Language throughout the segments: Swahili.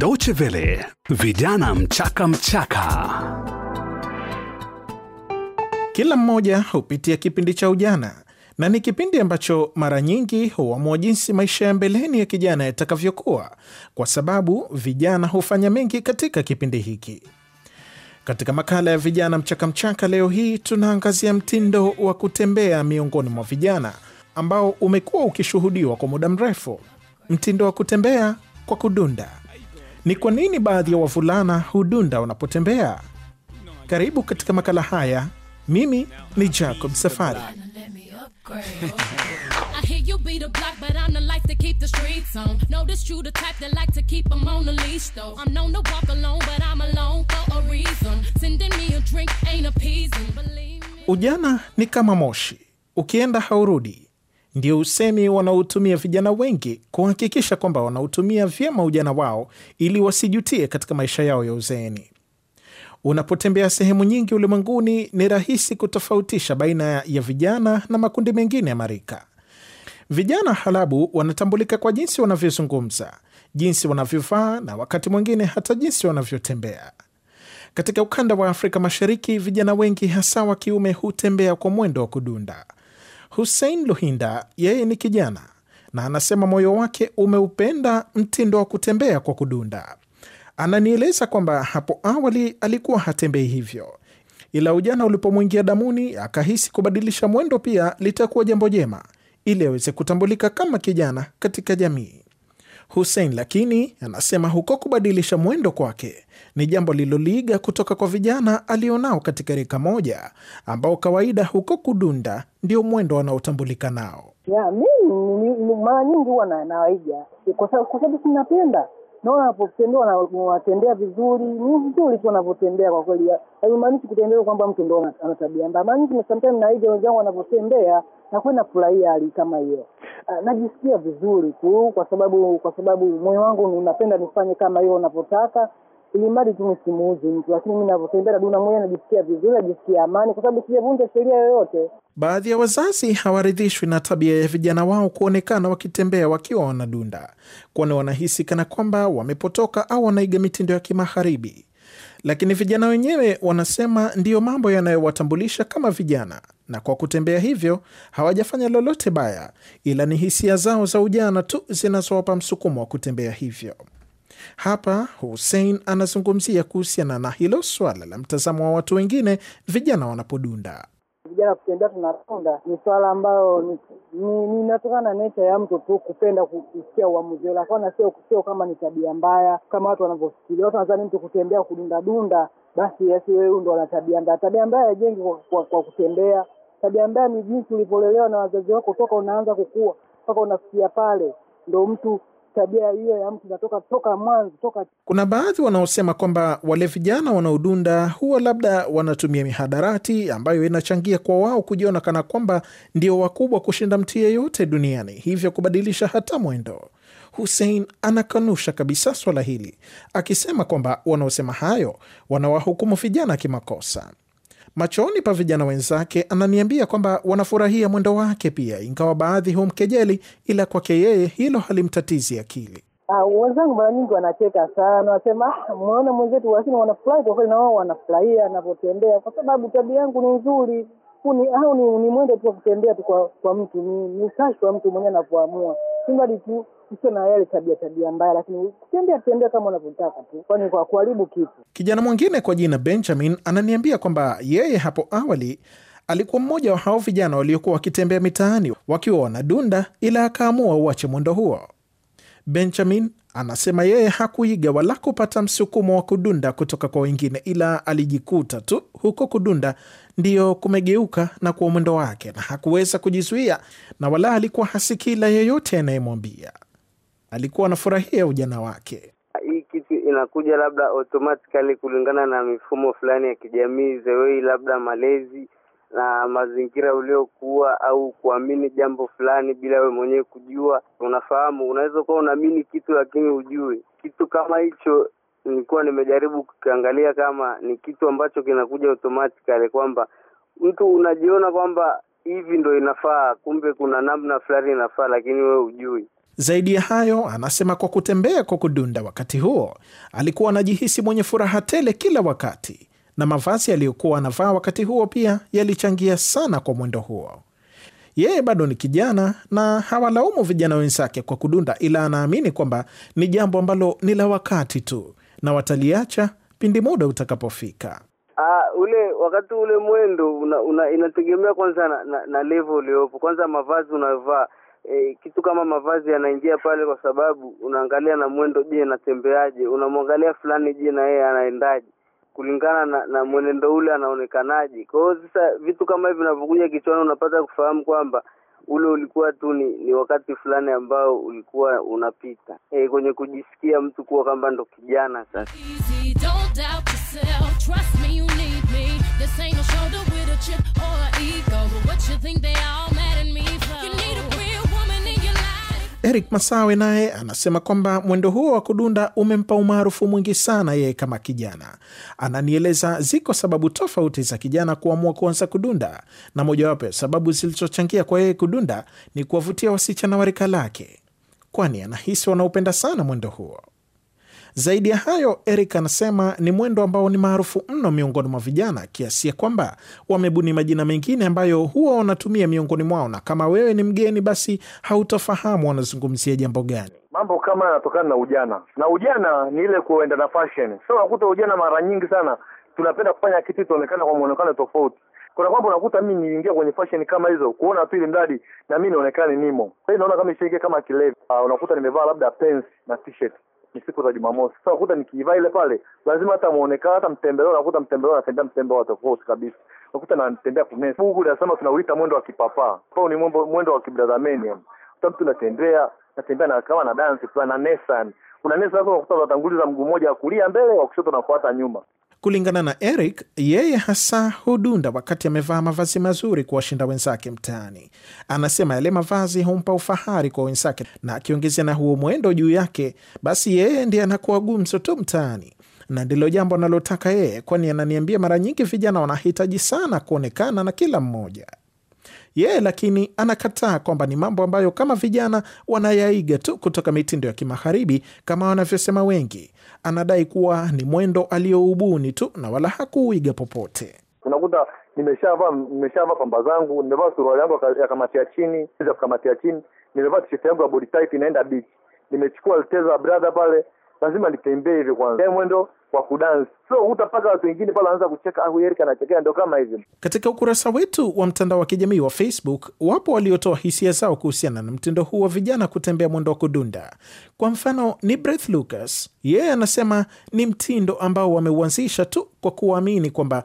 Deutsche Welle, vijana mchaka mchaka. Kila mmoja hupitia kipindi cha ujana na ni kipindi ambacho mara nyingi huamua jinsi maisha ya mbeleni ya kijana yatakavyokuwa, kwa sababu vijana hufanya mengi katika kipindi hiki. Katika makala ya vijana mchaka mchaka leo hii tunaangazia mtindo wa kutembea miongoni mwa vijana ambao umekuwa ukishuhudiwa kwa muda mrefu, mtindo wa kutembea kwa kudunda. Ni kwa nini baadhi ya wavulana hudunda wanapotembea? Karibu katika makala haya. Mimi ni Jacob Safari. Ujana ni kama moshi, ukienda haurudi ndio usemi wanaotumia vijana wengi kuhakikisha kwamba wanautumia vyema ujana wao ili wasijutie katika maisha yao ya uzeeni. Unapotembea sehemu nyingi ulimwenguni, ni rahisi kutofautisha baina ya vijana na makundi mengine ya marika. Vijana halabu wanatambulika kwa jinsi wanavyozungumza, jinsi wanavyovaa na wakati mwingine hata jinsi wanavyotembea. Katika ukanda wa Afrika Mashariki, vijana wengi hasa wa kiume hutembea kwa mwendo wa kudunda Hussein Luhinda yeye ni kijana na anasema moyo wake umeupenda mtindo wa kutembea kwa kudunda. Ananieleza kwamba hapo awali alikuwa hatembei hivyo, ila ujana ulipomwingia damuni akahisi kubadilisha mwendo pia litakuwa jambo jema, ili aweze kutambulika kama kijana katika jamii. Hussein lakini anasema huko kubadilisha mwendo kwake ni jambo liloliiga kutoka kwa vijana alionao katika rika moja ambao kawaida huko kudunda ndio mwendo wanaotambulika nao. Yeah, mimi mara nyingi huwa nawaiga kwa sababu sinapenda naona wanapotembea wanatembea vizuri, ni vizuri tu wanavyotembea kwa kweli, haimaanishi kutendea kwamba mtu ndo ana tabia mbaya. Mara sometimes naiga wenzangu wanavyotembea, nakuwa nafurahia hali kama hiyo. Ah, najisikia vizuri tu, kwa sababu kwa sababu moyo wangu unapenda nifanye kama hiyo unavyotaka, ili mradi tu nisimuuzi mtu, lakini mimi ninavyotembea duna moja najisikia vizuri, najisikia amani, kwa sababu sijavunja sheria yoyote. Baadhi ya wazazi hawaridhishwi na tabia ya vijana wao kuonekana wakitembea wakiwa wanadunda, kwani wanahisi kana kwamba wamepotoka au wanaiga mitindo ya kimagharibi lakini vijana wenyewe wanasema ndiyo mambo yanayowatambulisha kama vijana, na kwa kutembea hivyo hawajafanya lolote baya, ila ni hisia zao za ujana tu zinazowapa msukumo wa kutembea hivyo. Hapa Hussein anazungumzia kuhusiana na hilo swala la mtazamo wa watu wengine vijana wanapodunda vijana kutembea tunatonda ni swala ambayo ni, na nature ya mtu tu kupenda kusikia uamuzi ule, lakini sio sio kama ni tabia mbaya kama watu wanavyofikiria. Watu wanadhani mtu kutembea kudundadunda basi asi huyu ndo ana tabia mbaya. Tabia mbaya haijengi kwa, kwa, kwa kutembea. Tabia mbaya ni jinsi ulivyolelewa na wazazi wako toka unaanza kukua mpaka unafikia pale ndo mtu tabia hiyo ya mtu inatoka toka mwanzo toka. Kuna baadhi wanaosema kwamba wale vijana wanaodunda huwa labda wanatumia mihadarati ambayo inachangia kwa wao kujiona kana kwamba ndio wakubwa kushinda mtu yeyote duniani, hivyo kubadilisha hata mwendo. Hussein anakanusha kabisa swala hili, akisema kwamba wanaosema hayo wanawahukumu vijana kimakosa. Machoni pa vijana wenzake ananiambia kwamba wanafurahia mwendo wake pia, ingawa baadhi humkejeli, ila kwake yeye hilo halimtatizi akili. Ah, wenzangu mara nyingi wanacheka sana, wasema ah, mwaona mwenzetu, lakini wanafurahi kwa kweli, na wao wanafurahia anavyotembea kwa sababu tabia yangu ni nzuri. Au ni, ni mwendo tu wa kutembea tu kwa, kwa mtu ni, ni wa mtu mwenyewe anavyoamua. Somebody tu usio na yale tabia tabia mbaya, lakini kutembea tembea kama unavyotaka tu, kwani kwa kuharibu kitu. Kijana mwingine kwa jina Benjamin ananiambia kwamba yeye hapo awali alikuwa mmoja wa hao vijana waliokuwa wakitembea mitaani wakiwa wanadunda, ila akaamua uache mwendo huo. Benjamin Anasema yeye hakuiga wala kupata msukumo wa kudunda kutoka kwa wengine, ila alijikuta tu huko kudunda ndiyo kumegeuka na kuwa mwendo wake, na hakuweza kujizuia, na wala alikuwa hasikila yeyote anayemwambia. Alikuwa anafurahia ujana wake. Hii kitu inakuja labda automatically kulingana na mifumo fulani ya kijamii, zewei labda malezi na mazingira uliokuwa au kuamini jambo fulani bila wewe mwenyewe kujua. Unafahamu, unaweza kuwa unaamini kitu lakini hujui kitu kama hicho. Nilikuwa nimejaribu kukiangalia kama ni kitu ambacho kinakuja automatically, kwamba mtu unajiona kwamba hivi ndo inafaa, kumbe kuna namna fulani inafaa, lakini wewe ujui Zaidi ya hayo, anasema kwa kutembea kwa kudunda wakati huo alikuwa anajihisi mwenye furaha tele kila wakati na mavazi aliyokuwa anavaa wakati huo pia yalichangia sana kwa mwendo huo. Yeye bado ni kijana na hawalaumu vijana wenzake kwa kudunda, ila anaamini kwamba ni jambo ambalo ni la wakati tu na wataliacha pindi muda utakapofika. Uh, ule wakati ule mwendo una, una, inategemea kwanza na, na, na level uliopo kwanza, mavazi unavaa E, kitu kama mavazi yanaingia pale, kwa sababu unaangalia na mwendo. Je, natembeaje? Unamwangalia fulani, je na yeye anaendaje? kulingana na, na mwenendo ule anaonekanaje. Kwa hiyo sasa vitu kama hivi vinavyokuja kichwani, unapata kufahamu kwamba ule ulikuwa tu ni, ni wakati fulani ambao ulikuwa unapita e, kwenye kujisikia mtu kuwa kwamba ndo kijana sasa. Eric Masawe naye anasema kwamba mwendo huo wa kudunda umempa umaarufu mwingi sana yeye kama kijana. Ananieleza ziko sababu tofauti za kijana kuamua kuanza kudunda, na mojawapo ya sababu zilizochangia kwa yeye kudunda ni kuwavutia wasichana wa rika lake, kwani anahisi wanaopenda sana mwendo huo. Zaidi ya hayo, Eric anasema ni mwendo ambao ni maarufu mno miongoni mwa vijana kiasi ya kwamba wamebuni majina mengine ambayo huwa wanatumia miongoni mwao, na kama wewe ni mgeni, basi hautafahamu wanazungumzia jambo gani. Mambo kama yanatokana na ujana, na ujana ni ile kuenda na fashion. So unakuta ujana mara nyingi sana tunapenda kufanya kitu tuonekana kwa mwonekano tofauti kuna kwamba unakuta mimi niingia kwenye fashion kama hizo kuona tu mradi na mimi naonekani nimo. Sasa naona kama ishaingia kama kilevi. Uh, unakuta nimevaa labda pants na t-shirt ni siku za Jumamosi. Sasa ukuta nikiivaa ile pale, lazima hata muonekana, hata mtembeleo, nakuta mtembeleo anatembea mtembeo wa tofauti kabisa, nakuta natembea kunene. Mungu nasema tunauita mwendo wa kipapaa, pao ni mwendo wa kibradhameni, kuta mtu natembea natembea na kama na dance fulani na nesan kuna nesa hapo, unakuta unatanguliza mguu mmoja wa kulia mbele, wa kushoto unafuata nyuma. Kulingana na Eric, yeye hasa hudunda wakati amevaa mavazi mazuri kuwashinda wenzake mtaani. Anasema yale mavazi humpa ufahari kwa wenzake, na akiongezea na huo mwendo juu yake, basi yeye ndiye anakuwa gumzo tu mtaani na ndilo jambo analotaka yeye, kwani ananiambia mara nyingi vijana wanahitaji sana kuonekana na kila mmoja. Yeye lakini anakataa kwamba ni mambo ambayo kama vijana wanayaiga tu kutoka mitindo ya Kimagharibi kama wanavyosema wengi, anadai kuwa ni mwendo aliyoubuni tu na wala hakuiga popote. Unakuta nimeshavaa nimeshavaa pamba zangu, nimevaa suruali yangu ya kamatia chini ya kamatia chini, nimevaa tisheti yangu ya body inaenda beach, nimechukua lteza brother pale, lazima nitembee hivi kwanza mwendo kwa kudansi. so utapata watu wengine pale wanaanza kucheka, ah, Erika anachekea, ndo kama hivyo. Katika ukurasa wetu wa mtandao wa kijamii wa Facebook, wapo waliotoa hisia zao kuhusiana na mtindo huu wa vijana kutembea mwendo wa kudunda. Kwa mfano ni Breth Lucas, yeye yeah, anasema ni mtindo ambao wameuanzisha tu kwa kuwaamini kwamba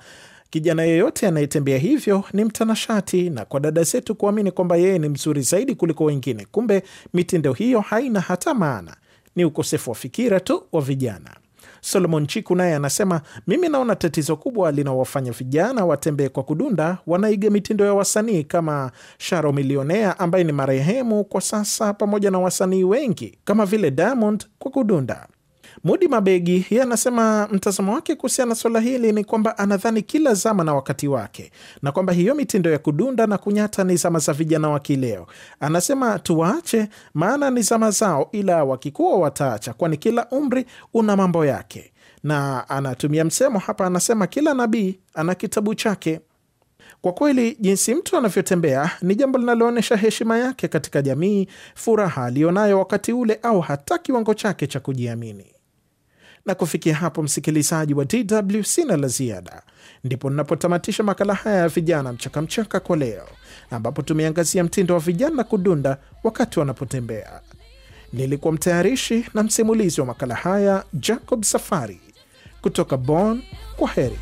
kijana yeyote anayetembea hivyo ni mtanashati, na kwa dada zetu kuamini kwamba yeye ni mzuri zaidi kuliko wengine. Kumbe mitindo hiyo haina hata maana, ni ukosefu wa fikira tu wa vijana. Solomon Chiku naye anasema, mimi naona tatizo kubwa linawafanya vijana watembee kwa kudunda, wanaiga mitindo ya wasanii kama Sharo Milionea ambaye ni marehemu kwa sasa, pamoja na wasanii wengi kama vile Diamond kwa kudunda. Mudi Mabegi yeye anasema mtazamo wake kuhusiana na swala hili ni kwamba anadhani kila zama na wakati wake, na kwamba hiyo mitindo ya kudunda na kunyata ni zama za vijana wa kileo. Anasema tuwaache, maana ni zama zao, ila wakikuwa wataacha, kwani kila umri una mambo yake, na anatumia msemo hapa, anasema kila nabii ana kitabu chake. Kwa kweli jinsi mtu anavyotembea ni jambo linaloonyesha heshima yake katika jamii, furaha aliyonayo wakati ule, au hata kiwango chake cha kujiamini. Na kufikia hapo, msikilizaji wa DW, sina la ziada, ndipo ninapotamatisha makala haya ya vijana mchakamchaka kwa leo, ambapo tumeangazia mtindo wa vijana kudunda wakati wanapotembea. Nilikuwa mtayarishi na msimulizi wa makala haya Jacob Safari kutoka Bonn. Kwa heri.